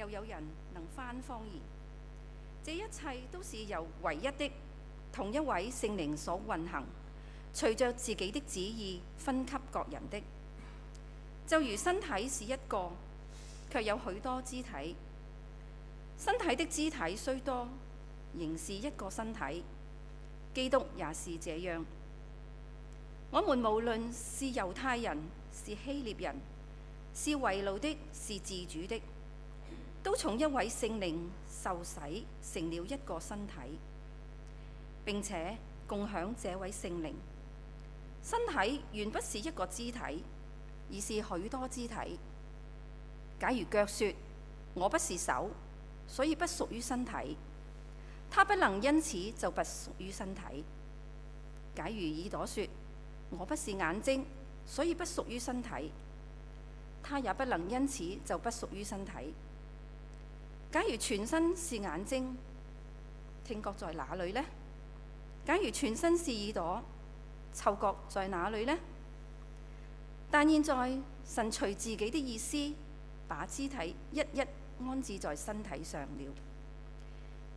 又有人能翻方言，這一切都是由唯一的同一位聖靈所運行，隨着自己的旨意分給各人的。就如身體是一個，卻有許多肢體，身體的肢體雖多，仍是一個身體。基督也是這樣，我們無論是猶太人，是希臘人，是為奴的，是自主的。都從一位聖靈受洗，成了一個身體，並且共享這位聖靈。身體原不是一個肢體，而是許多肢體。假如腳說我不是手，所以不屬於身體，它不能因此就不屬於身體。假如耳朵說我不是眼睛，所以不屬於身體，它也不能因此就不屬於身體。假如全身是眼睛，聽覺在哪裏呢？假如全身是耳朵，嗅覺在哪裏呢？但現在神隨自己的意思，把肢體一一安置在身體上了。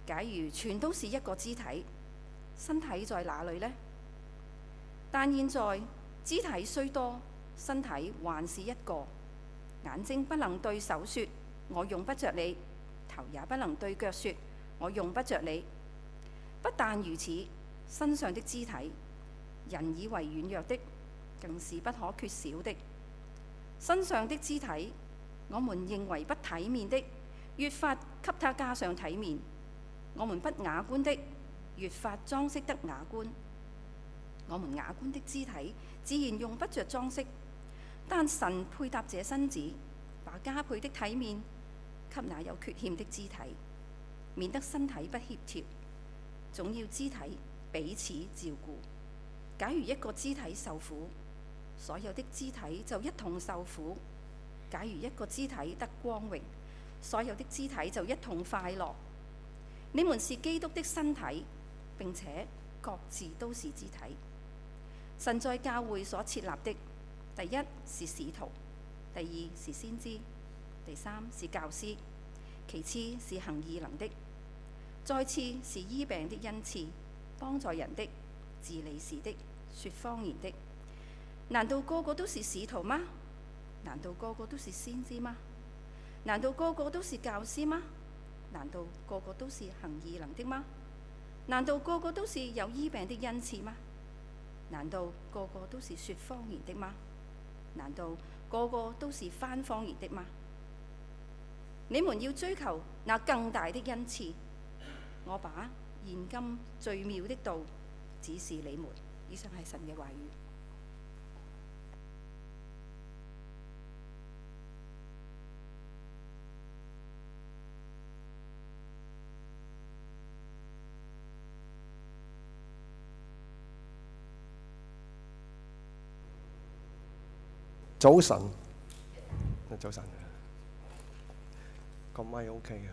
假如全都是一個肢體，身體在哪裏呢？但現在肢體雖多，身體還是一個。眼睛不能對手說：我用不着你。頭也不能對腳說，我用不着你。不但如此，身上的肢體，人以為軟弱的，更是不可缺少的。身上的肢體，我們認為不體面的，越發給他加上體面；我們不雅觀的，越發裝飾得雅觀。我們雅觀的肢體，自然用不着裝飾，但神配搭這身子，把加倍的體面。給那有缺陷的肢體，免得身體不協調，總要肢體彼此照顧。假如一個肢體受苦，所有的肢體就一同受苦；假如一個肢體得光榮，所有的肢體就一同快樂。你們是基督的身體，並且各自都是肢體。神在教會所設立的，第一是使徒，第二是先知。第三是教師，其次是行異能的，再次是醫病的恩賜，幫助人的、治理事的、說方言的。難道個個都是使徒嗎？難道個個都是先知嗎？難道個個都是教師嗎？難道個個都是行異能的嗎？難道個個都是有醫病的恩賜嗎？難道個個都是說方言的嗎？難道個個都是翻方言的嗎？你們要追求那更大的恩賜，我把現今最妙的道指示你們。以上係神嘅話語。早晨，早晨。個麥 OK 嘅，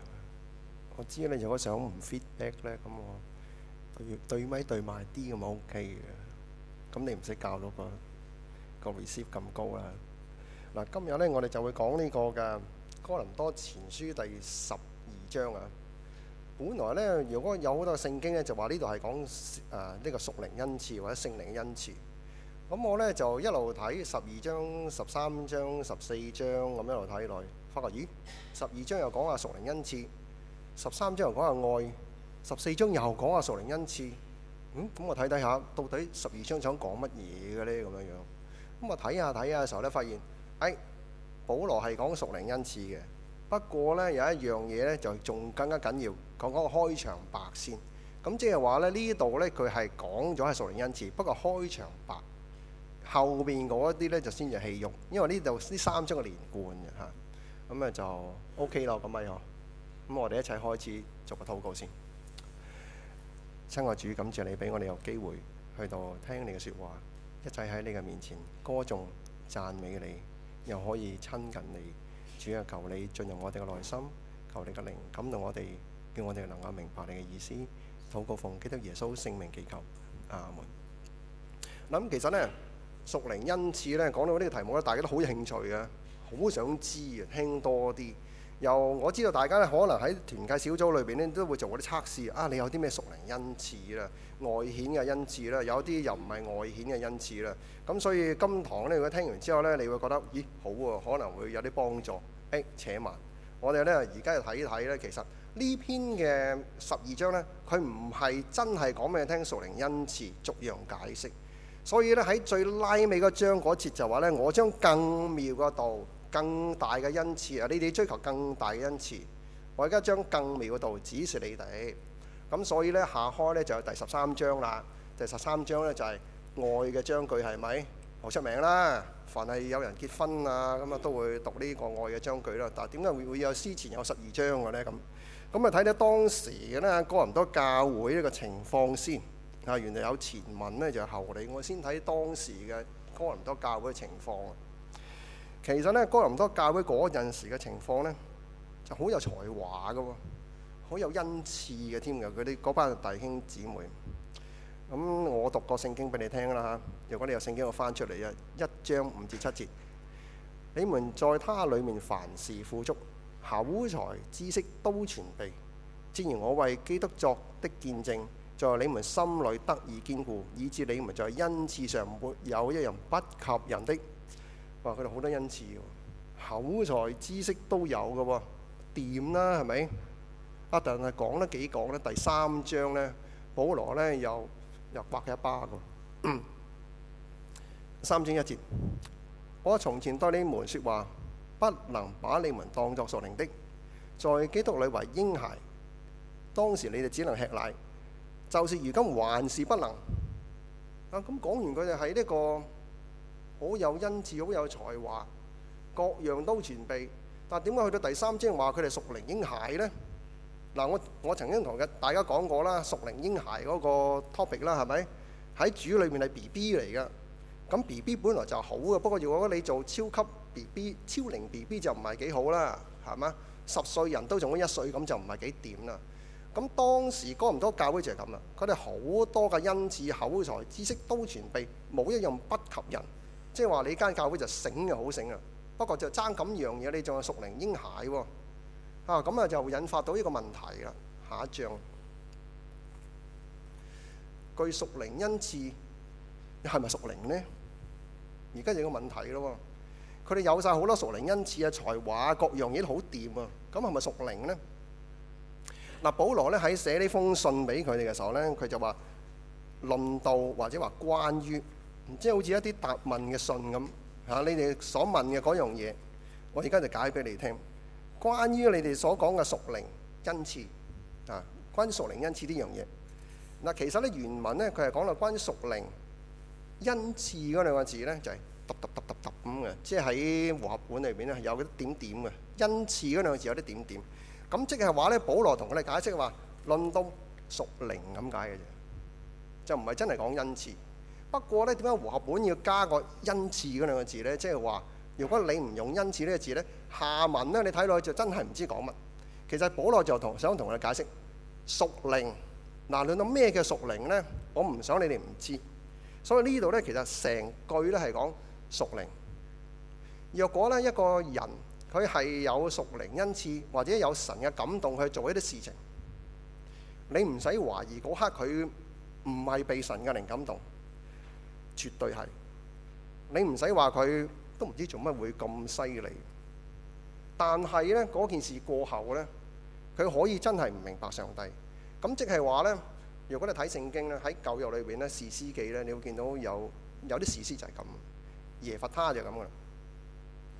我知你。如果想唔 feedback 咧，咁我對對麥對埋啲咁，OK 嘅。咁你唔使教到，個個 receive 咁高啦。嗱，今日咧我哋就會講呢個嘅《哥林多前書》第十二章啊。本來咧，如果有好多聖經咧，就話呢度係講誒呢個屬靈恩賜或者聖靈嘅恩賜。咁我咧就一路睇十二章、十三章、十四章咁一路睇落。發覺咦，十二章又講阿屬靈恩賜，十三章又講阿愛，十四章又講阿屬靈恩賜。嗯，咁我睇睇下，到底十二章想講乜嘢嘅咧？咁樣樣咁我睇下睇下嘅時候咧，發現誒、哎，保羅係講屬靈恩賜嘅。不過咧有一樣嘢咧就仲更加緊要，講講個開場白先。咁即係話咧呢度咧佢係講咗係屬靈恩賜，不過開場白後邊嗰啲咧就先至係戲肉，因為呢度呢三章係連貫嘅嚇。咁咪就 OK 咯。咁咪哦，咁我哋一齊開始做個禱告先。親愛主，感謝你俾我哋有機會去到聽你嘅説話，一齊喺你嘅面前歌頌讚美你，又可以親近你。主啊，求你進入我哋嘅內心，求你嘅靈感動我哋，叫我哋能夠明白你嘅意思。禱告奉基督耶穌聖名祈求，阿門。嗱，咁其實呢，屬靈恩賜呢講到呢個題目咧，大家都好有興趣嘅。好想知啊，聽多啲。又我知道大家咧，可能喺團契小組裏邊咧，都會做嗰啲測試啊。你有啲咩屬靈恩賜啦，外顯嘅恩賜啦，有啲又唔係外顯嘅恩賜啦。咁所以今堂咧，如果聽完之後咧，你會覺得，咦，好喎，可能會有啲幫助。哎、欸，且慢，我哋咧而家又睇睇咧，其實呢篇嘅十二章咧，佢唔係真係講俾你聽屬靈恩賜逐樣解釋。所以咧喺最拉尾嗰章嗰節就話咧，我將更妙嘅道。更大嘅恩賜啊！你哋追求更大嘅恩賜，我而家將更妙嘅道指示你哋。咁所以呢下開呢就有第十三章啦。第十三章呢就係愛嘅章句係咪好出名啦？凡係有人結婚啊，咁啊都會讀呢個愛嘅章句啦。但係點解會會有之前有十二章嘅呢咁？咁啊睇睇當時嘅呢哥林多教會呢個情況先嚇。原來有前文呢就係後理，我先睇當時嘅哥林多教會嘅情況。其實呢，哥林多教會嗰陣時嘅情況呢，就好有才華嘅喎，好有恩賜嘅添嘅。嗰啲嗰班弟兄姊妹，咁、嗯、我讀個聖經俾你聽啦嚇。如果你有聖經我翻出嚟啊，一章五至七節，你們在他裏面凡事富足，口才知識都全備。正如我為基督作的見證，在你們心裏得以堅固，以致你們在恩賜上沒有一人不及人的。話佢哋好多恩賜，口才知識都有嘅喎，掂啦係咪？啊，但係講得幾講咧？第三章咧，保羅咧又又刮佢一巴嘅。 三章一節，我從前對你們說話，不能把你們當作屬靈的，在基督裏為嬰孩，當時你哋只能吃奶，就是如今還是不能。啊，咁、嗯、講完佢哋喺呢個。好有恩賜，好有才華，各樣都全備。但係點解去到第三章話佢哋屬靈嬰孩咧？嗱，我我曾經同嘅大家講過啦，屬靈嬰孩嗰個 topic 啦，係咪喺主裏面係 B B 嚟嘅，咁 B B 本來就好嘅，不過如果你做超級 B B，超齡 B B 就唔係幾好啦，係嘛？十歲人都仲啱一歲咁，就唔係幾掂啦。咁當時哥林多教會就係咁啦，佢哋好多嘅恩賜、口才、知識都全備，冇一樣不及人。即係話你間教會就醒就好醒啊！不過就爭咁樣嘢，你仲係屬靈嬰孩喎、哦、啊！咁啊就引發到呢個問題啦。下一章，據屬靈恩賜，你係咪屬靈呢？而家就有個問題咯。佢哋有晒好多屬靈恩賜啊，才華各樣嘢都好掂啊！咁係咪屬靈呢？嗱，保羅咧喺寫呢封信俾佢哋嘅時候咧，佢就話論道或者話關於。即係好似一啲答問嘅信咁嚇，你哋所問嘅嗰樣嘢，我而家就解俾你聽。關於你哋所講嘅屬靈恩賜啊，關於屬靈恩賜呢樣嘢。嗱，其實咧原文咧佢係講到關於屬靈恩賜嗰兩個字咧，就係揼揼揼揼揼咁嘅，即係喺和合本裏邊咧有啲點點嘅。恩賜嗰兩個字有啲點點。咁即係話咧，保羅同我哋解釋話，論到屬靈咁解嘅啫，就唔係真係講恩賜。不過呢，點解和合本要加個恩賜嗰兩個字呢？即係話，如果你唔用恩賜呢個字呢，下文呢，你睇落去就真係唔知講乜。其實保羅就同想同佢解釋屬靈嗱、啊，論到咩叫屬靈呢？我唔想你哋唔知。所以呢度呢，其實成句呢係講屬靈。若果呢，一個人佢係有屬靈恩賜，或者有神嘅感動去做一啲事情，你唔使懷疑嗰刻佢唔係被神嘅靈感動。絕對係，你唔使話佢都唔知做乜會咁犀利。但係咧，嗰件事過後咧，佢可以真係唔明白上帝。咁即係話咧，如果你睇聖經咧，喺舊約裏邊咧，士師記咧，你會見到有有啲士師就係咁。耶弗他就係咁噶啦。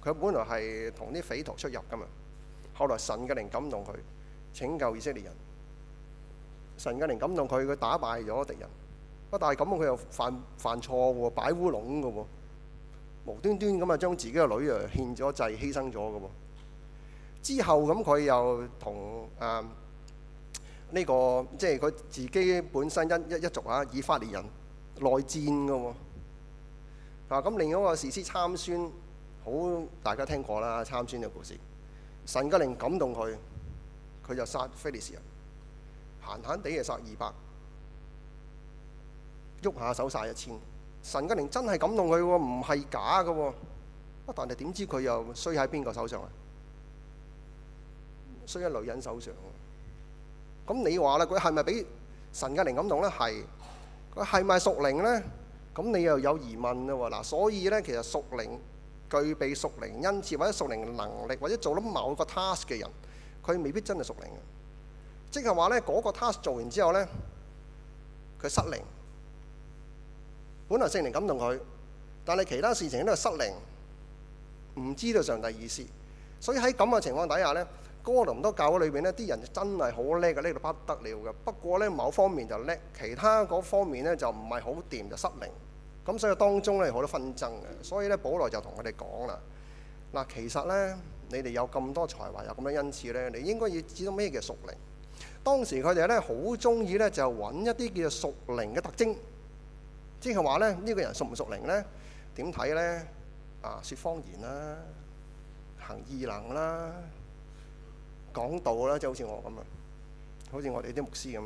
佢本來係同啲匪徒出入噶嘛，後來神嘅靈感動佢拯救以色列人，神嘅靈感動佢，佢打敗咗敵人。不但係咁，佢又犯犯錯嘅喎，擺烏龍嘅喎，無端端咁啊，將自己嘅女啊獻咗祭，犧牲咗嘅喎。之後咁，佢又同啊呢個即係佢自己本身一一一族啊，以法蓮人內戰嘅喎。啊咁，另一個士師參孫，好大家聽過啦，參孫嘅故事，神嘅靈感動佢，佢就殺非利士人，閒閒地啊殺二百。喐下手曬一千，神嘅靈真係感動佢喎，唔係假嘅。啊，但係點知佢又衰喺邊個手上啊？衰喺女人手上。咁你話啦，佢係咪俾神嘅靈感動咧？係，佢係咪屬靈咧？咁你又有疑問啦。嗱，所以咧，其實屬靈具備屬靈恩賜或者屬靈能力或者做咗某個 task 嘅人，佢未必真係屬靈嘅，即係話咧，嗰個 task 做完之後咧，佢失靈。本來聖靈感動佢，但係其他事情都係失靈，唔知道上帝意思。所以喺咁嘅情況底下呢，哥林多教裏邊呢啲人真係好叻嘅，叻到不得了嘅。不過呢，某方面就叻，其他嗰方面呢就唔係好掂，就失靈。咁所以當中呢好多紛爭嘅。所以呢保羅就同佢哋講啦，嗱，其實呢你哋有咁多才華，有咁多恩賜呢，你應該要知道咩叫屬靈。當時佢哋呢好中意呢就揾一啲叫做屬靈嘅特徵。即係話咧，呢個人屬唔屬靈咧？點睇咧？啊，説方言啦，行異能啦，講道啦，即係好似我咁啊，好似我哋啲牧師咁。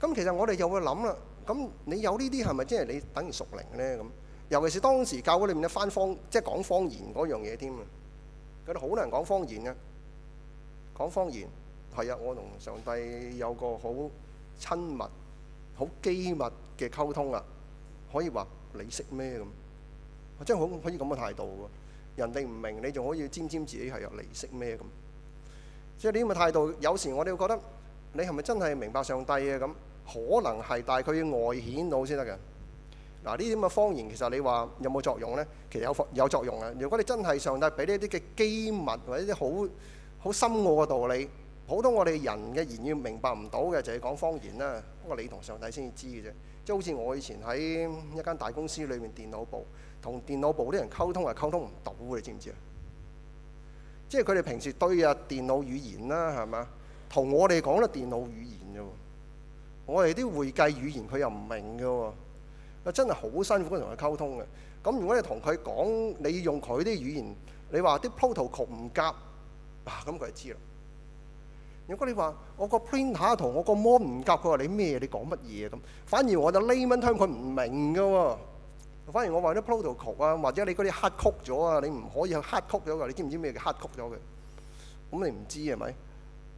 咁其實我哋又會諗啦，咁你有呢啲係咪即係你等於屬靈咧？咁尤其是當時教會裏面咧翻方即係講方言嗰樣嘢添啊，嗰度好多人講方言嘅，講方言係啊，我同上帝有個好親密、好機密嘅溝通啊！可以話你識咩咁？我真係可以咁嘅態度，人哋唔明，你仲可以沾沾自己係有你識咩咁？即係呢啲咁嘅態度，有時我哋會覺得你係咪真係明白上帝啊？咁可能係，但係佢要外顯到先得嘅。嗱，呢啲咁嘅方言，其實你話有冇作用咧？其實有有作用嘅。如果你真係上帝俾呢啲嘅機密或者啲好好深奧嘅道理，普通我哋人嘅言語明白唔到嘅，就要講方言啦。不過你同上帝先至知嘅啫。即係好似我以前喺一間大公司裏面電腦部，同電腦部啲人溝通係溝通唔到，你知唔知啊？即係佢哋平時對啊電腦語言啦，係嘛？同我哋講得電腦語言啫。我哋啲會計語言佢又唔明㗎喎，啊真係好辛苦同佢溝通嘅。咁如果你同佢講，你用佢啲語言，你話啲 protocol 唔夾，啊咁佢就知啦。如果你話我個 printer 同我個模唔夾，佢話你咩？你講乜嘢啊？咁反而我就呢啲 term 佢唔明㗎喎。反而我話啲 protocol 啊，或者你嗰啲 hard code 咗啊，你唔可以去 hard code 咗㗎。你知唔知咩叫 hard code 咗嘅？咁你唔知係咪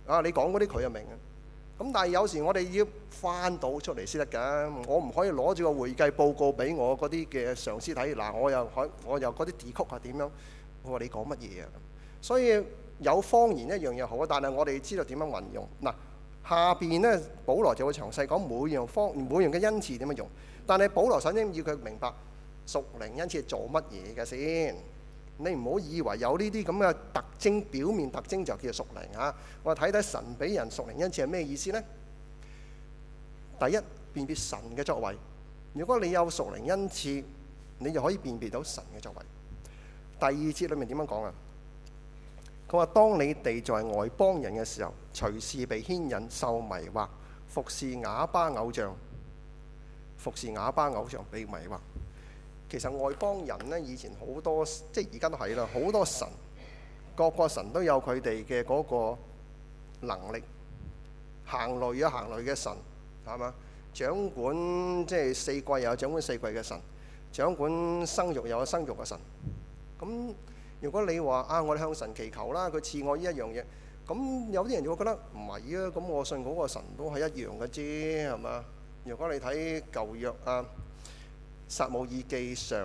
啊？你講嗰啲佢又明嘅。咁但係有時我哋要翻到出嚟先得㗎。我唔可以攞住個會計報告俾我嗰啲嘅上司睇。嗱，我又我又嗰啲 decode 啊點樣？我話你講乜嘢啊？所以。有方言一樣又好，但係我哋知道點樣運用嗱。下邊咧，保羅就會詳細講每樣方每樣嘅恩賜點樣用。但係保羅首先要佢明白屬靈恩賜做乜嘢嘅先。你唔好以為有呢啲咁嘅特徵，表面特徵就叫做屬靈啊。我睇睇神俾人屬靈恩賜係咩意思咧？第一，辨別神嘅作為。如果你有屬靈恩賜，你就可以辨別到神嘅作為。第二節裡面點樣講啊？佢話：當你哋在外邦人嘅時候，隨時被牽引、受迷惑、服侍啞巴偶像、服侍啞巴偶像被迷惑。其實外邦人呢，以前好多，即係而家都係啦，好多神，個個神都有佢哋嘅嗰個能力，行雷啊，行雷嘅神，係嘛？掌管即係、就是、四季有掌管四季嘅神，掌管生育有生育嘅神，咁。如果你話啊，我哋向神祈求啦，佢賜我呢一樣嘢，咁有啲人就會覺得唔係啊，咁我信嗰個神都係一樣嘅啫，係嘛？如果你睇舊約啊，《撒母耳記上》，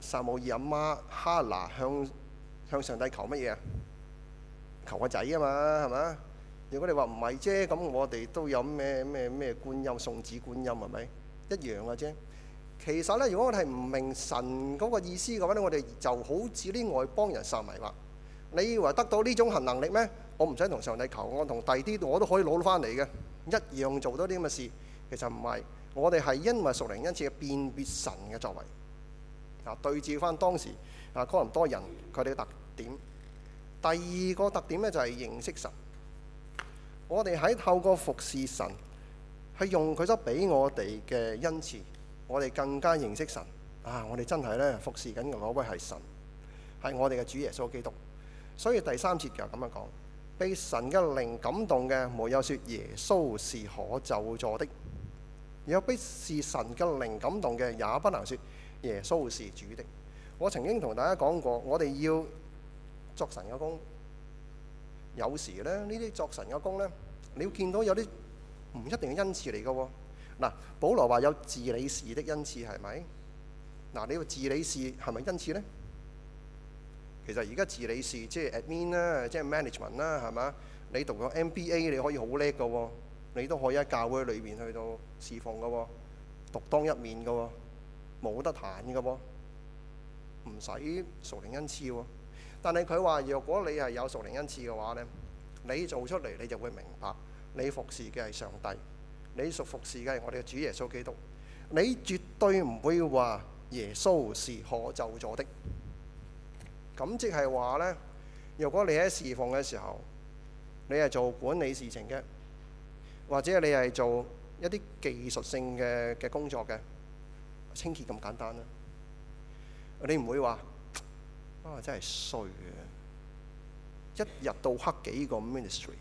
撒母耳阿媽哈拿向向上帝求乜嘢啊？求個仔啊嘛，係嘛？如果你話唔係啫，咁我哋都有咩咩咩觀音送子觀音係咪？一樣嘅啫。其實咧，如果我哋係唔明神嗰個意思嘅話咧，我哋就好似呢外邦人受迷惑。你以為得到呢種行能力咩？我唔使同上帝求，我同第啲我都可以攞到翻嚟嘅一樣，做到啲咁嘅事。其實唔係，我哋係因為熟靈恩賜，辨別神嘅作為啊。對照翻當時啊，哥林多人佢哋嘅特點。第二個特點咧就係認識神。我哋喺透過服侍神，係用佢所俾我哋嘅恩賜。我哋更加認識神啊！我哋真係咧服侍緊嗰位係神，係我哋嘅主耶穌基督。所以第三節就咁樣講，被神嘅靈感動嘅，無有説耶穌是可咒詛的；若不是神嘅靈感動嘅，也不能説耶穌是主的。我曾經同大家講過，我哋要作神嘅功。有時咧，呢啲作神嘅功咧，你要見到有啲唔一定嘅恩賜嚟嘅喎。嗱、啊，保羅話有治理事的恩賜係咪？嗱、啊，你要治理事係咪恩賜咧？其實而家治理事即係 admin 啦，即係 management 啦，係嘛？你讀咗 MBA 你可以好叻㗎，你都可以喺教會裏面去到侍奉㗎、哦，獨當一面㗎、哦，冇得彈㗎、哦，唔使屬靈恩賜、哦。但係佢話，若果你係有屬靈恩賜嘅話咧，你做出嚟你就會明白，你服侍嘅係上帝。你屬服侍嘅係我哋嘅主耶穌基督，你絕對唔會話耶穌是可咒詛的。咁即係話咧，如果你喺侍奉嘅時候，你係做管理事情嘅，或者你係做一啲技術性嘅嘅工作嘅清潔咁簡單啦，你唔會話啊真係衰啊！一日到黑幾個 ministry，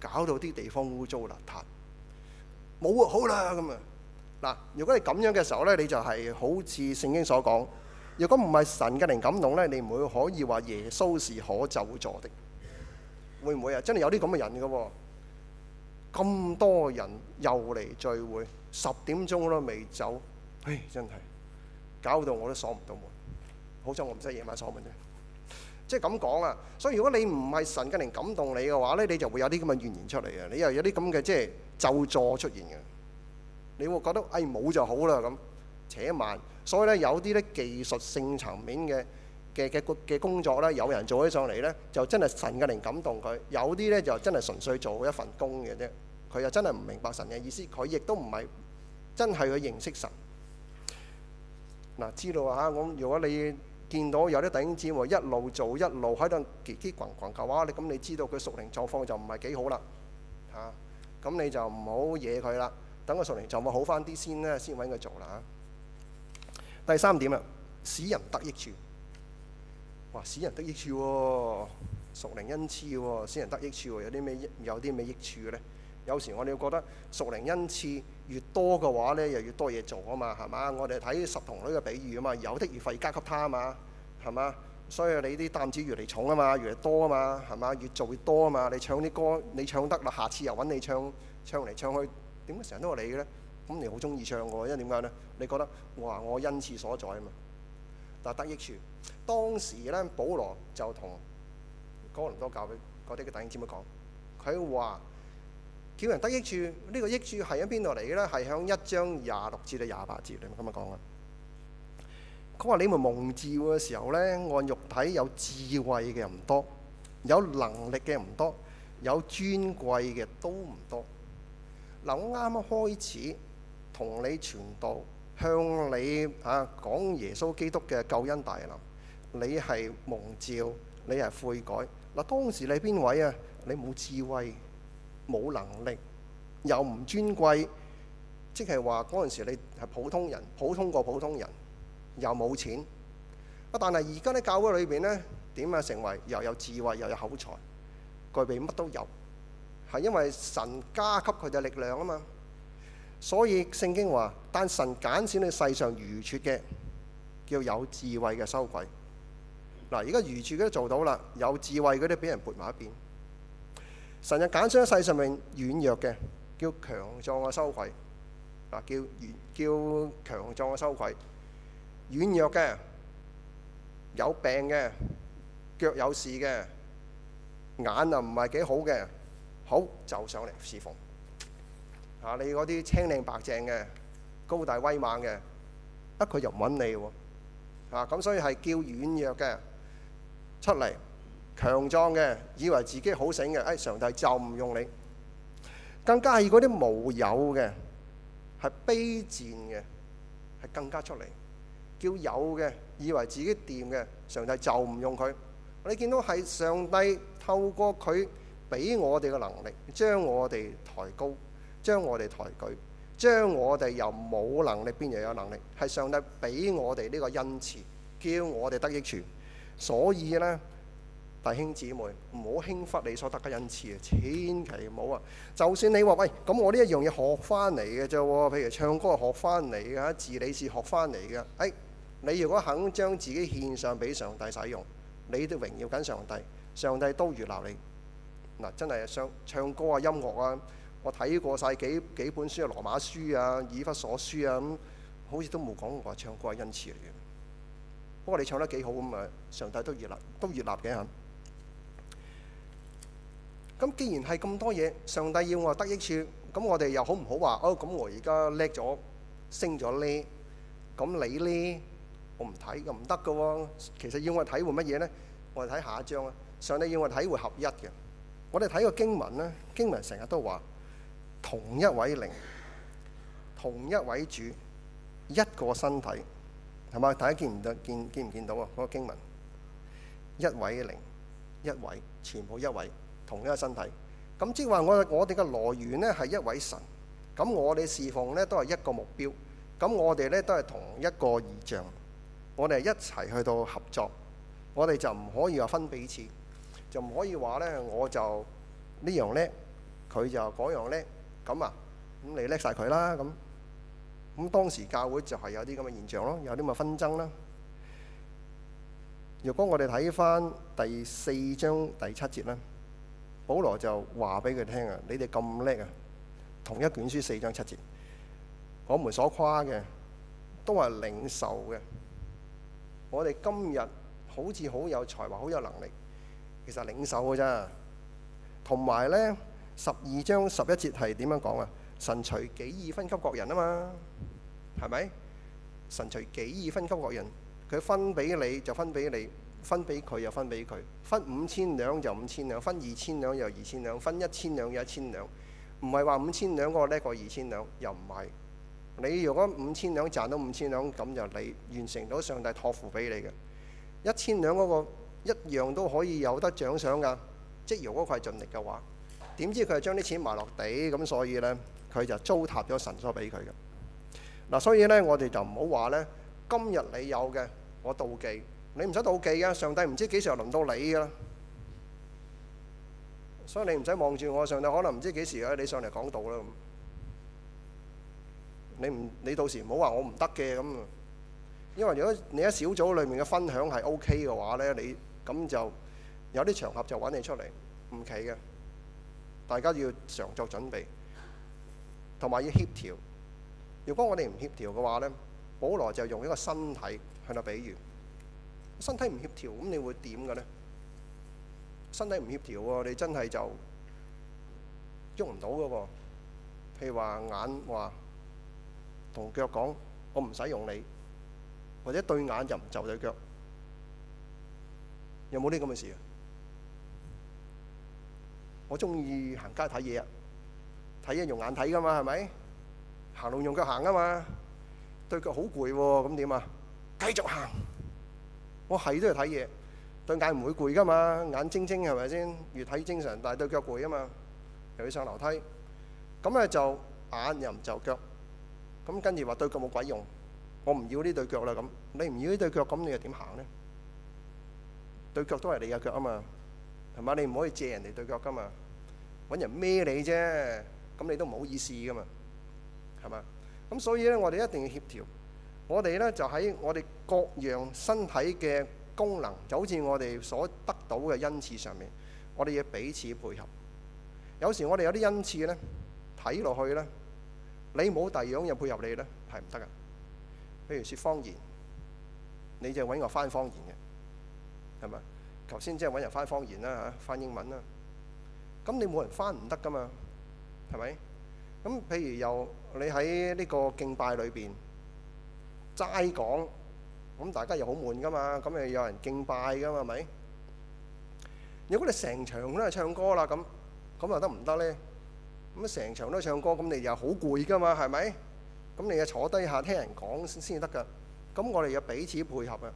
搞到啲地方污糟邋遢。冇啊，好啦咁啊，嗱，如果你咁樣嘅時候咧，你就係好似聖經所講，如果唔係神嘅靈感動咧，你唔會可以話耶穌是可就坐的，會唔會啊？真係有啲咁嘅人噶，咁多人又嚟聚會，十點鐘都未走，唉，真係搞到我都鎖唔到門，好彩我唔使夜晚鎖門啫。即係咁講啊，所以如果你唔係神嘅靈感動你嘅話咧，你就會有啲咁嘅怨言出嚟啊，你又有啲咁嘅，即係。就助出現嘅，你會覺得哎，冇就好啦咁，且慢。所以咧有啲咧技術性層面嘅嘅嘅嘅工作咧，有人做起上嚟咧，就真係神嘅靈感動佢；有啲咧就真係純粹做一份工嘅啫，佢又真係唔明白神嘅意思，佢亦都唔係真係去認識神。嗱，知道啊？我如果你見到有啲弟兄姊妹一路做一路喺度攰攰逛逛嘅話，你咁你知道佢屬靈狀況就唔係幾好啦，嚇。咁你就唔好惹佢啦。等個屬靈就冇好返啲先咧，先揾佢做啦嚇、啊。第三點啊，使人得益處。哇！使人得益處喎、哦，屬靈恩賜喎、哦，使人得益處喎、哦哦。有啲咩益有啲咩益處咧？有時我哋覺得屬靈恩賜越多嘅話咧，又越多嘢做啊嘛，係嘛？我哋睇十童女嘅比喻啊嘛，有的餘費加給他啊嘛，係嘛？所以你啲擔子越嚟重啊嘛，越嚟多啊嘛，係嘛？越做越多啊嘛。你唱啲歌，你唱得啦，下次又揾你唱，唱嚟唱去，點解成日都係、嗯、你嘅咧？咁你好中意唱㗎，因為點解咧？你覺得哇，我恩賜所在啊嘛。但得益處，當時咧，保羅就同哥林多教畀嗰啲嘅弟兄姊妹講，佢話叫人得益處，呢、這個益處係喺邊度嚟嘅咧？係響一章廿六節到廿八節你咁樣講啊。佢話：你咪蒙召嘅時候咧，按肉體有智慧嘅唔多，有能力嘅唔多，有尊貴嘅都唔多。嗱，我啱啱開始同你傳道，向你啊講耶穌基督嘅救恩大能。你係蒙召，你係悔改。嗱，當時你邊位啊？你冇智慧，冇能力，又唔尊貴，即係話嗰陣時你係普通人，普通過普通人。又冇錢，但係而家咧，教會裏邊呢，點啊，成為又有智慧又有口才，具備乜都有，係因為神加給佢哋力量啊嘛。所以聖經話：但神揀選你世上愚拙嘅，叫有智慧嘅羞愧。嗱，而家愚拙嗰啲做到啦，有智慧嗰啲俾人撥埋一邊。神又揀選世上命軟弱嘅，叫強壯嘅羞愧。嗱，叫叫強壯嘅羞愧。軟弱嘅，有病嘅，腳有事嘅，眼啊唔係幾好嘅，好就上嚟侍奉。吓，你嗰啲青靚白淨嘅，高大威猛嘅，佢又唔搵你喎。吓，咁所以係叫軟弱嘅出嚟，強壯嘅以為自己好醒嘅，哎，上帝就唔用你。更加係嗰啲無有嘅，係卑賤嘅，係更加出嚟。叫有嘅，以為自己掂嘅，上帝就唔用佢。你見到係上帝透過佢俾我哋嘅能力，將我哋抬高，將我哋抬舉，將我哋由冇能力變做有能力。係上帝俾我哋呢個恩賜，叫我哋得益處。所以呢，弟兄姊妹唔好輕忽你所得嘅恩賜啊！千祈唔好啊！就算你話喂，咁我呢一樣嘢學翻嚟嘅啫喎，譬如唱歌學翻嚟嘅，自理事學翻嚟嘅，哎。你如果肯將自己獻上俾上帝使用，你都榮耀緊上帝，上帝都悅納你嗱，真係唱唱歌啊、音樂啊，我睇過曬幾幾本書啊，《羅馬書》啊，《以弗所書》啊，咁好似都冇講話唱歌係恩賜嚟嘅，不過你唱得幾好咁啊，上帝都悅納都悅納嘅嚇。咁既然係咁多嘢，上帝要我得益處，咁我哋又好唔好話哦？咁我而家叻咗升咗呢？咁你呢？我唔睇咁唔得噶。其實要我體會乜嘢咧？我哋睇下一章啊。上帝要我體會合一嘅。我哋睇個經文咧，經文成日都話同一位靈、同一位主、一個身體，係嘛？大家見唔到見見唔見到啊？嗰個經文，一位靈、一位，全部一位，同一個身體。咁即係話我我哋嘅來源咧係一位神，咁我哋侍奉咧都係一個目標，咁我哋咧都係同一個異象。我哋一齊去到合作，我哋就唔可以話分彼此，就唔可以話咧。我就呢樣叻，佢就嗰樣叻，咁啊咁你叻曬佢啦咁咁。當時教會就係有啲咁嘅現象咯，有啲咁嘅紛爭啦。若果我哋睇翻第四章第七節咧，保羅就話俾佢聽啊：你哋咁叻啊，同一卷書四章七節，我們所誇嘅都係領受嘅。我哋今日好似好有才華、好有能力，其實領受嘅咋，同埋呢十二章十一節係點樣講啊？神隨己意分給各人啊嘛，係咪？神隨己意分給各人，佢分俾你就分俾你，分俾佢又分俾佢，分五千兩就五千兩，分二千兩就二千兩，分一千兩就一千兩，唔係話五千兩嗰個叻過二千兩，又唔係。你如果五千兩賺到五千兩咁就你完成到上帝託付俾你嘅一千兩嗰個一樣都可以有得獎賞噶，即係如果佢係盡力嘅話，點知佢係將啲錢埋落地咁，所以呢，佢就糟蹋咗神所俾佢嘅嗱。所以呢，我哋就唔好話呢：「今日你有嘅我妒忌，你唔使妒忌嘅，上帝唔知幾時又輪到你噶啦。」所以你唔使望住我，上帝可能唔知幾時啊，你上嚟講道啦。你唔你到時唔好話我唔得嘅咁，因為如果你喺小組裡面嘅分享係 OK 嘅話咧，你咁就有啲場合就搵你出嚟唔企嘅，大家要常作準備，同埋要協調。如果我哋唔協調嘅話咧，保羅就用一個身體去到比喻，身體唔協調咁，你會點嘅咧？身體唔協調喎，你真係就喐唔到嘅喎，譬如話眼話。同腳講，我唔使用你，或者對眼又唔就對腳，有冇啲咁嘅事啊？我中意行街睇嘢啊，睇嘢用眼睇噶嘛，係咪？行路用腳行噶嘛，對腳好攰喎，咁點啊？繼續行。我係都要睇嘢，對眼唔會攰噶嘛，眼晶晶係咪先？越睇精神，但係對腳攰啊嘛，又要上樓梯，咁咧就眼又唔就腳。咁跟住話對腳冇鬼用，我唔要呢對腳啦。咁你唔要呢對腳，咁你又點行咧？對腳都係你嘅腳啊嘛，係嘛？你唔可以借人哋對腳噶嘛，揾人孭你啫。咁你都唔好意思噶嘛，係嘛？咁所以咧，我哋一定要協調。我哋咧就喺我哋各樣身體嘅功能，就好似我哋所得到嘅恩賜上面，我哋要彼此配合。有時我哋有啲恩賜咧，睇落去咧。你冇第二樣嘢配合你咧，係唔得噶。譬如說方言，你就揾我翻方言嘅，係咪？頭先即係揾人翻方言啦，啊，翻英文啦。咁你冇人翻唔得噶嘛，係咪？咁譬如又你喺呢個敬拜裏邊齋講，咁大家又好悶噶嘛，咁又有人敬拜噶嘛，係咪？如果你成場都係唱歌啦，咁咁又得唔得咧？咁啊，成場都唱歌，咁你又好攰噶嘛？係咪？咁你啊坐低下聽人講先先得㗎。咁我哋要彼此配合啊。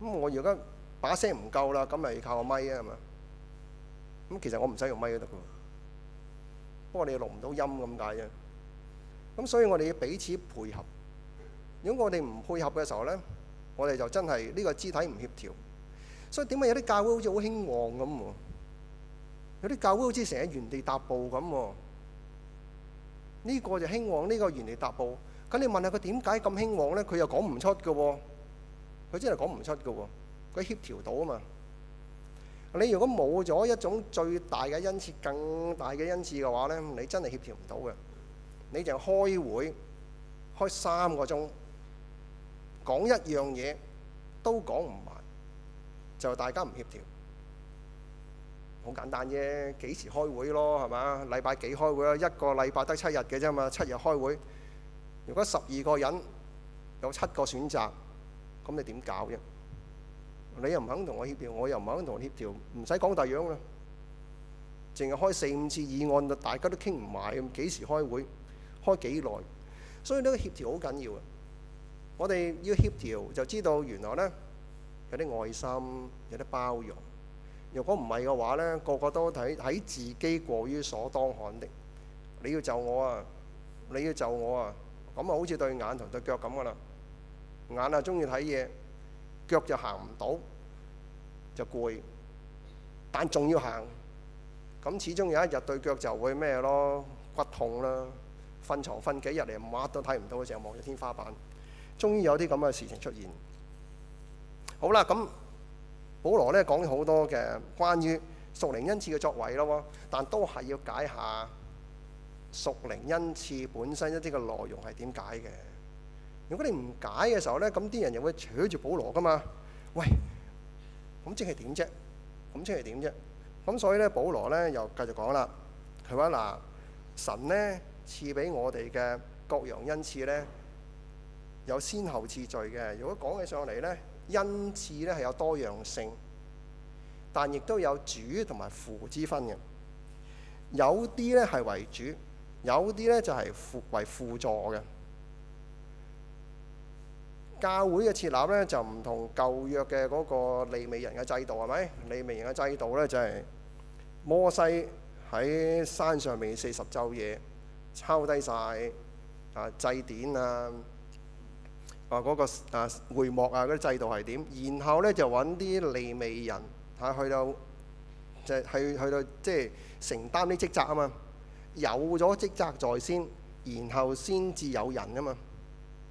咁我而家把聲唔夠啦，咁咪靠個咪啊嘛。咁其實我唔使用咪都得噶，不過你錄唔到音咁解啫。咁所以我哋要彼此配合。如果我哋唔配合嘅時候咧，我哋就真係呢個肢體唔協調。所以點解有啲教會好似好興旺咁？有啲教會好似成日原地踏步咁喎，呢個就興旺，呢個原地踏步。咁你問下佢點解咁興旺咧？佢又講唔出嘅喎，佢真係講唔出嘅喎。佢協調到啊嘛。你如果冇咗一種最大嘅恩賜、更大嘅恩賜嘅話咧，你真係協調唔到嘅。你就開會開三個鐘，講一樣嘢都講唔埋，就大家唔協調。好簡單啫，幾時開會咯，係嘛？禮拜幾開會啊？一個禮拜得七日嘅啫嘛，七日開會。如果十二個人有七個選擇，咁你點搞啫？你又唔肯同我協調，我又唔肯同我協調，唔使講第樣啦。淨係開四五次議案，大家都傾唔埋。咁幾時開會？開幾耐？所以呢個協調好緊要啊！我哋要協調，就知道原來呢，有啲愛心，有啲包容。如果唔係嘅話咧，個個都睇睇自己過於所當看的。你要就我啊，你要就我啊，咁啊好似對眼同對腳咁噶啦。眼啊中意睇嘢，腳就行唔到，就攰。但仲要行，咁始終有一日對腳就會咩咯？骨痛啦、啊，瞓床瞓幾日嚟，乜都睇唔到，成日望住天花板，終於有啲咁嘅事情出現。好啦，咁。保羅咧講咗好多嘅關於屬靈恩賜嘅作為咯，但都係要解下屬靈恩賜本身一啲嘅內容係點解嘅。如果你唔解嘅時候咧，咁啲人又會扯住保羅噶嘛？喂，咁即係點啫？咁即係點啫？咁所以咧，保羅咧又繼續講啦，佢話嗱？神咧賜俾我哋嘅各樣恩賜咧，有先後次序嘅。如果講起上嚟咧，因此咧，係有多樣性，但亦都有主同埋輔之分嘅。有啲咧係為主，有啲咧就係輔，為輔助嘅。教會嘅設立咧就唔同舊約嘅嗰個利未人嘅制度，係咪？利未人嘅制度咧就係摩西喺山上面四十晝夜抄低晒啊祭典啊。啊嗰，那個啊會幕啊嗰啲，那個，制度係點？然後咧就揾啲利未人嚇，啊、去到即係去，去到即係承擔啲職責啊嘛。有咗職責在先，然後先至有人啊嘛。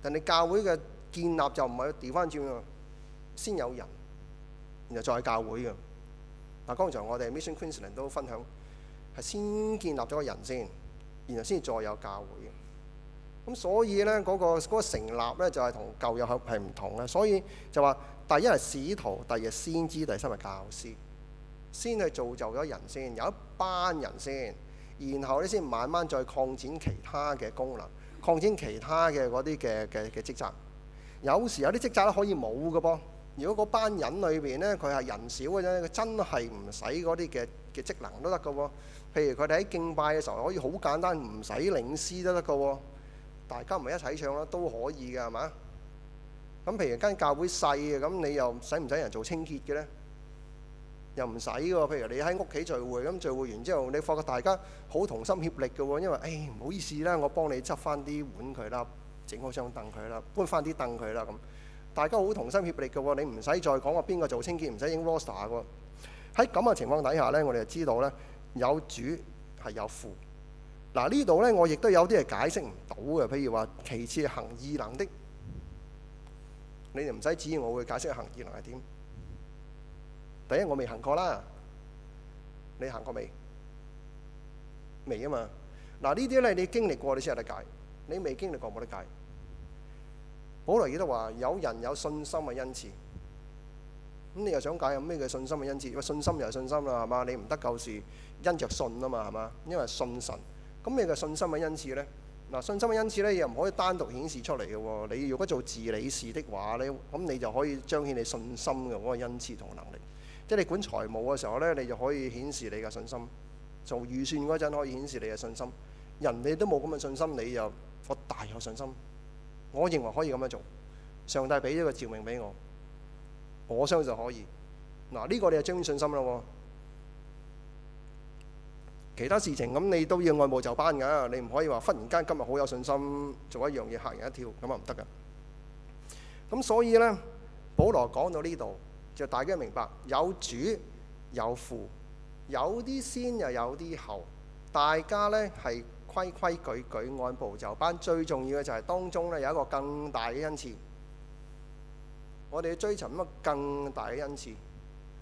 但係教會嘅建立就唔係調翻轉啊，先有人，然後再教會嘅。嗱，啊、剛才我哋 Mission Queensland 都分享係先建立咗個人先，然後先再有教會咁所以呢，嗰、那個那個成立呢就係、是、同舊約係唔同嘅，所以就話第一係使徒，第二係先知，第三係教師，先去造就咗人先，有一班人先，然後呢先慢慢再擴展其他嘅功能，擴展其他嘅嗰啲嘅嘅嘅職責。有時有啲職責可以冇㗎噃。如果嗰班人裏邊呢，佢係人少嘅啫，佢真係唔使嗰啲嘅嘅職能都得㗎喎。譬如佢哋喺敬拜嘅時候可以好簡單，唔使領詩都得㗎喎。大家唔係一齊唱啦，都可以㗎，係嘛？咁譬如間教會細嘅，咁你又使唔使人做清潔嘅咧？又唔使㗎喎。譬如你喺屋企聚會，咁聚會完之後，你發覺大家好同心協力嘅喎，因為誒哎，唔好意思啦，我幫你執翻啲碗佢啦，整好張凳佢啦，搬翻啲凳佢啦咁。大家好同心協力嘅喎，你唔使再講話邊個做清潔，唔使影 roster 喎。喺咁嘅情況底下咧，我哋就知道咧，有主係有父。嗱，呢度咧，我亦都有啲係解釋唔到嘅。譬如話，其次係行異能的，你哋唔使指意我會解釋行異能係點。第一，我未行過啦，你行過未？未啊嘛。嗱、啊，呢啲咧，你經歷過你先有得解，你未經歷過冇得解。保羅亦都話：有人有信心嘅恩賜，咁你又想解有咩叫信心嘅恩賜？喂，信心又係信心啦，係嘛？你唔得救事因着信啊嘛，係嘛？因為信神。咁你嘅信心嘅恩賜呢？嗱，信心嘅恩賜呢，又唔可以單獨顯示出嚟嘅喎。你如果做治理事的話呢，咁你就可以彰顯你信心嘅嗰、那個恩賜同能力。即係你管財務嘅時候呢，你就可以顯示你嘅信心；做預算嗰陣可以顯示你嘅信心。人哋都冇咁嘅信心，你又我大有信心。我認為可以咁樣做。上帝俾咗個照明俾我，我相信就可以。嗱，呢個你就彰顯信心啦喎。其他事情咁你都要按部就班噶，你唔可以話忽然間今日好有信心做一樣嘢吓人一跳咁啊唔得噶。咁所以呢，保羅講到呢度就大家明白，有主有父，有啲先又有啲後，大家呢係規規矩矩按部就班。最重要嘅就係當中呢有一個更大嘅恩賜，我哋要追尋乜更大嘅恩賜，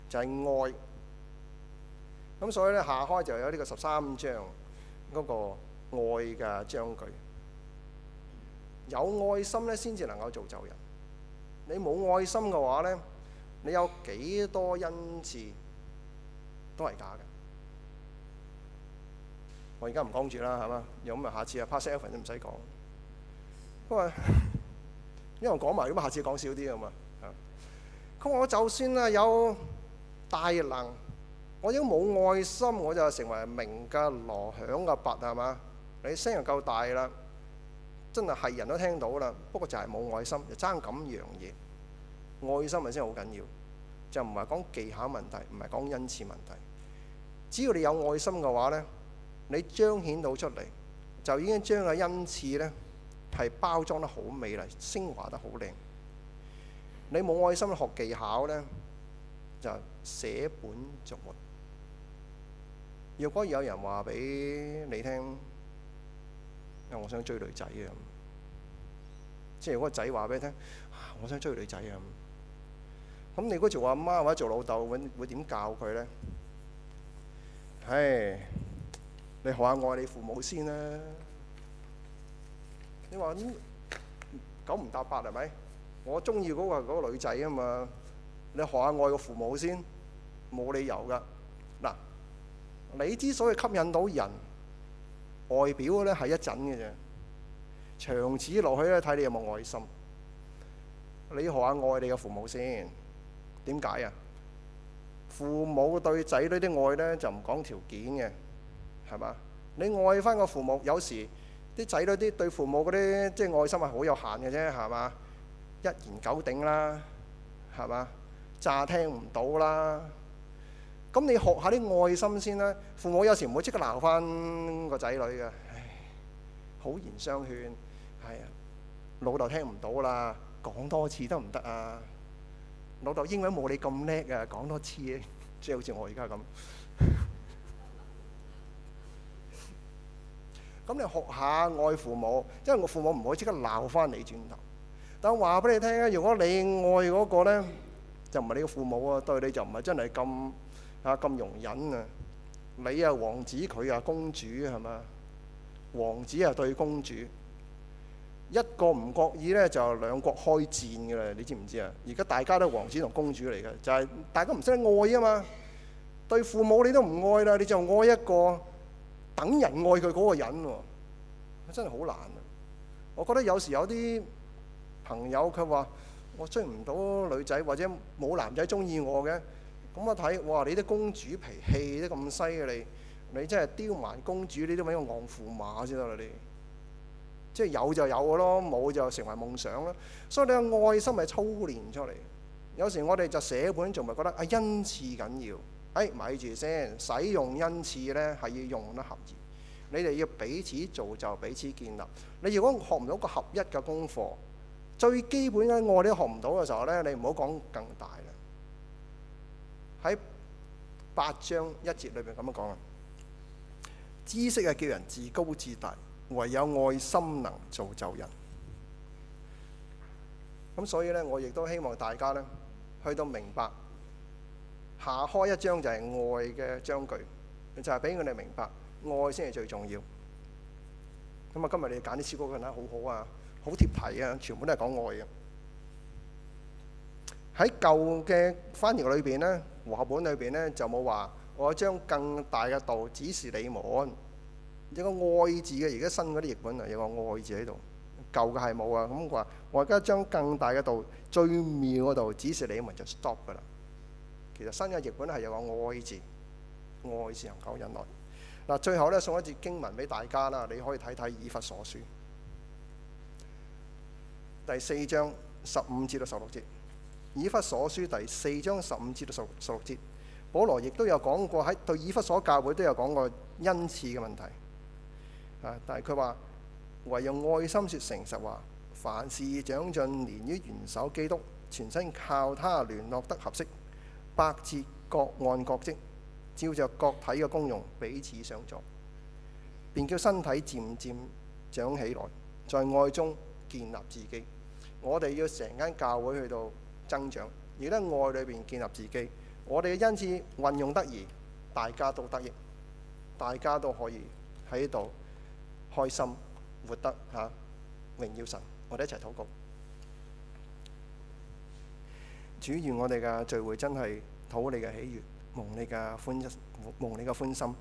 就係愛。咁所以咧下開就有呢個十三章嗰個愛嘅章句，有愛心咧先至能夠造就人。你冇愛心嘅話咧，你有幾多恩賜都係假嘅。我而家唔講住啦，係嘛？如果唔係下次啊 pass seven 都唔使講。佢話：因為我講埋咁啊，下次講少啲啊嘛嚇。佢話：我就算啊有大能。我如果冇愛心，我就成為鳴嘅鑼響嘅鈸。係嘛？你聲又夠大啦，真係係人都聽到啦。不過就係冇愛心，就爭咁樣嘢。愛心咪先好緊要，就唔係講技巧問題，唔係講恩賜問題。只要你有愛心嘅話呢，你彰顯到出嚟，就已經將個恩賜呢係包裝得好美麗，昇華得好靚。你冇愛心學技巧呢。就寫本作文。如果有人話俾你聽，啊，我想追女仔啊，即係嗰個仔話俾你聽，我想追女仔啊，咁你估做阿媽或者做老豆，會會點教佢咧？唉，你學下愛你父母先啦。你話九唔搭八係咪？我中意嗰個嗰個女仔啊嘛。你學下愛個父母先，冇理由㗎。嗱，你之所以吸引到人，外表咧，係一陣嘅啫。長此落去咧，睇你有冇愛心。你學下愛你嘅父母先，點解啊？父母對仔女啲愛咧就唔講條件嘅，係嘛？你愛翻個父母，有時啲仔女啲對父母嗰啲即係愛心係好有限嘅啫，係嘛？一言九鼎啦，係嘛？炸聽唔到啦！咁你學下啲愛心先啦。父母有時唔會即刻鬧翻個仔女嘅，唉，好言相勸係啊。老豆聽唔到啦，講多次都唔得啊。老豆英文冇你咁叻啊，講多次即係好似我而家咁。咁 你學下愛父母，因為我父母唔會即刻鬧翻你轉頭。但我話俾你聽啊，如果你愛嗰個咧～就唔係你個父母啊，對你就唔係真係咁啊咁容忍啊。你啊王子，佢啊公主係嘛？王子啊對公主，一個唔覺意咧就兩國開戰嘅啦。你知唔知啊？而家大家都係王子同公主嚟嘅，就係、是、大家唔識得愛啊嘛。對父母你都唔愛啦，你就愛一個等人愛佢嗰個人喎、啊。真係好難啊！我覺得有時有啲朋友佢話。我、哦、追唔到女仔，或者冇男仔中意我嘅咁，我睇哇！你啲公主脾氣都咁犀利，你，你真係刁蠻公主，你都要揾個戇駙馬先得啦！你即係有就有嘅咯，冇就成為夢想啦。所以你嘅愛心係操練出嚟，有時我哋就寫本仲係覺得啊、哎、恩賜緊要，哎咪住先，使用恩賜呢係要用得合宜，你哋要彼此造就、彼此建立。你如果學唔到一個合一嘅功課。最基本嘅愛你都學唔到嘅時候呢，你唔好講更大啦。喺八章一節裡面咁樣講啦。知識係叫人自高自大，唯有愛心能造就人。咁所以呢，我亦都希望大家呢，去到明白，下開一章就係愛嘅章句，就係俾佢哋明白，愛先係最重要。咁啊，今日你哋揀啲詩歌，好好啊。好貼題啊！全部都係講愛嘅。喺舊嘅翻譯裏邊咧，和合本裏邊咧，就冇話我將更大嘅道指示你們，有個愛字嘅。而家新嗰啲譯本啊有個愛字喺度，舊嘅係冇啊，咁話我而家將更大嘅道、最妙嘅道指示你們就 stop 㗎啦。其實新嘅譯本係有個愛字，愛字係恆久忍耐嗱。最後咧送一節經文俾大家啦，你可以睇睇以弗所書，第四章十五至到十六節，以弗所書第四章十五至到十六節，保羅亦都有講過喺對以弗所教會都有講過恩賜嘅問題，啊，但係佢話唯有愛心説誠實話，凡事長進，連於元首基督，全身靠他聯絡得合適，百節各按各職，照着各體嘅功用彼此相助，便叫身體漸漸長起來，在愛中建立自己。我哋要成間教會去到增長，而喺愛裏邊建立自己。我哋因此運用得宜，大家都得益，大家都可以喺度開心、活得嚇、啊、榮耀神。我哋一齊禱告，主願我哋嘅聚會真係討你嘅喜悅，蒙你嘅歡，歡心，蒙你嘅歡心，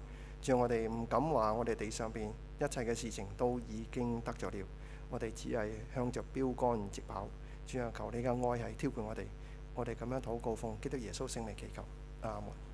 讓我哋唔敢話我哋地上邊一切嘅事情都已經得咗了。我哋只係向着標杆直跑，主，求你嘅愛係挑撥我哋。我哋咁樣禱告奉基督耶穌聖名祈求，阿門。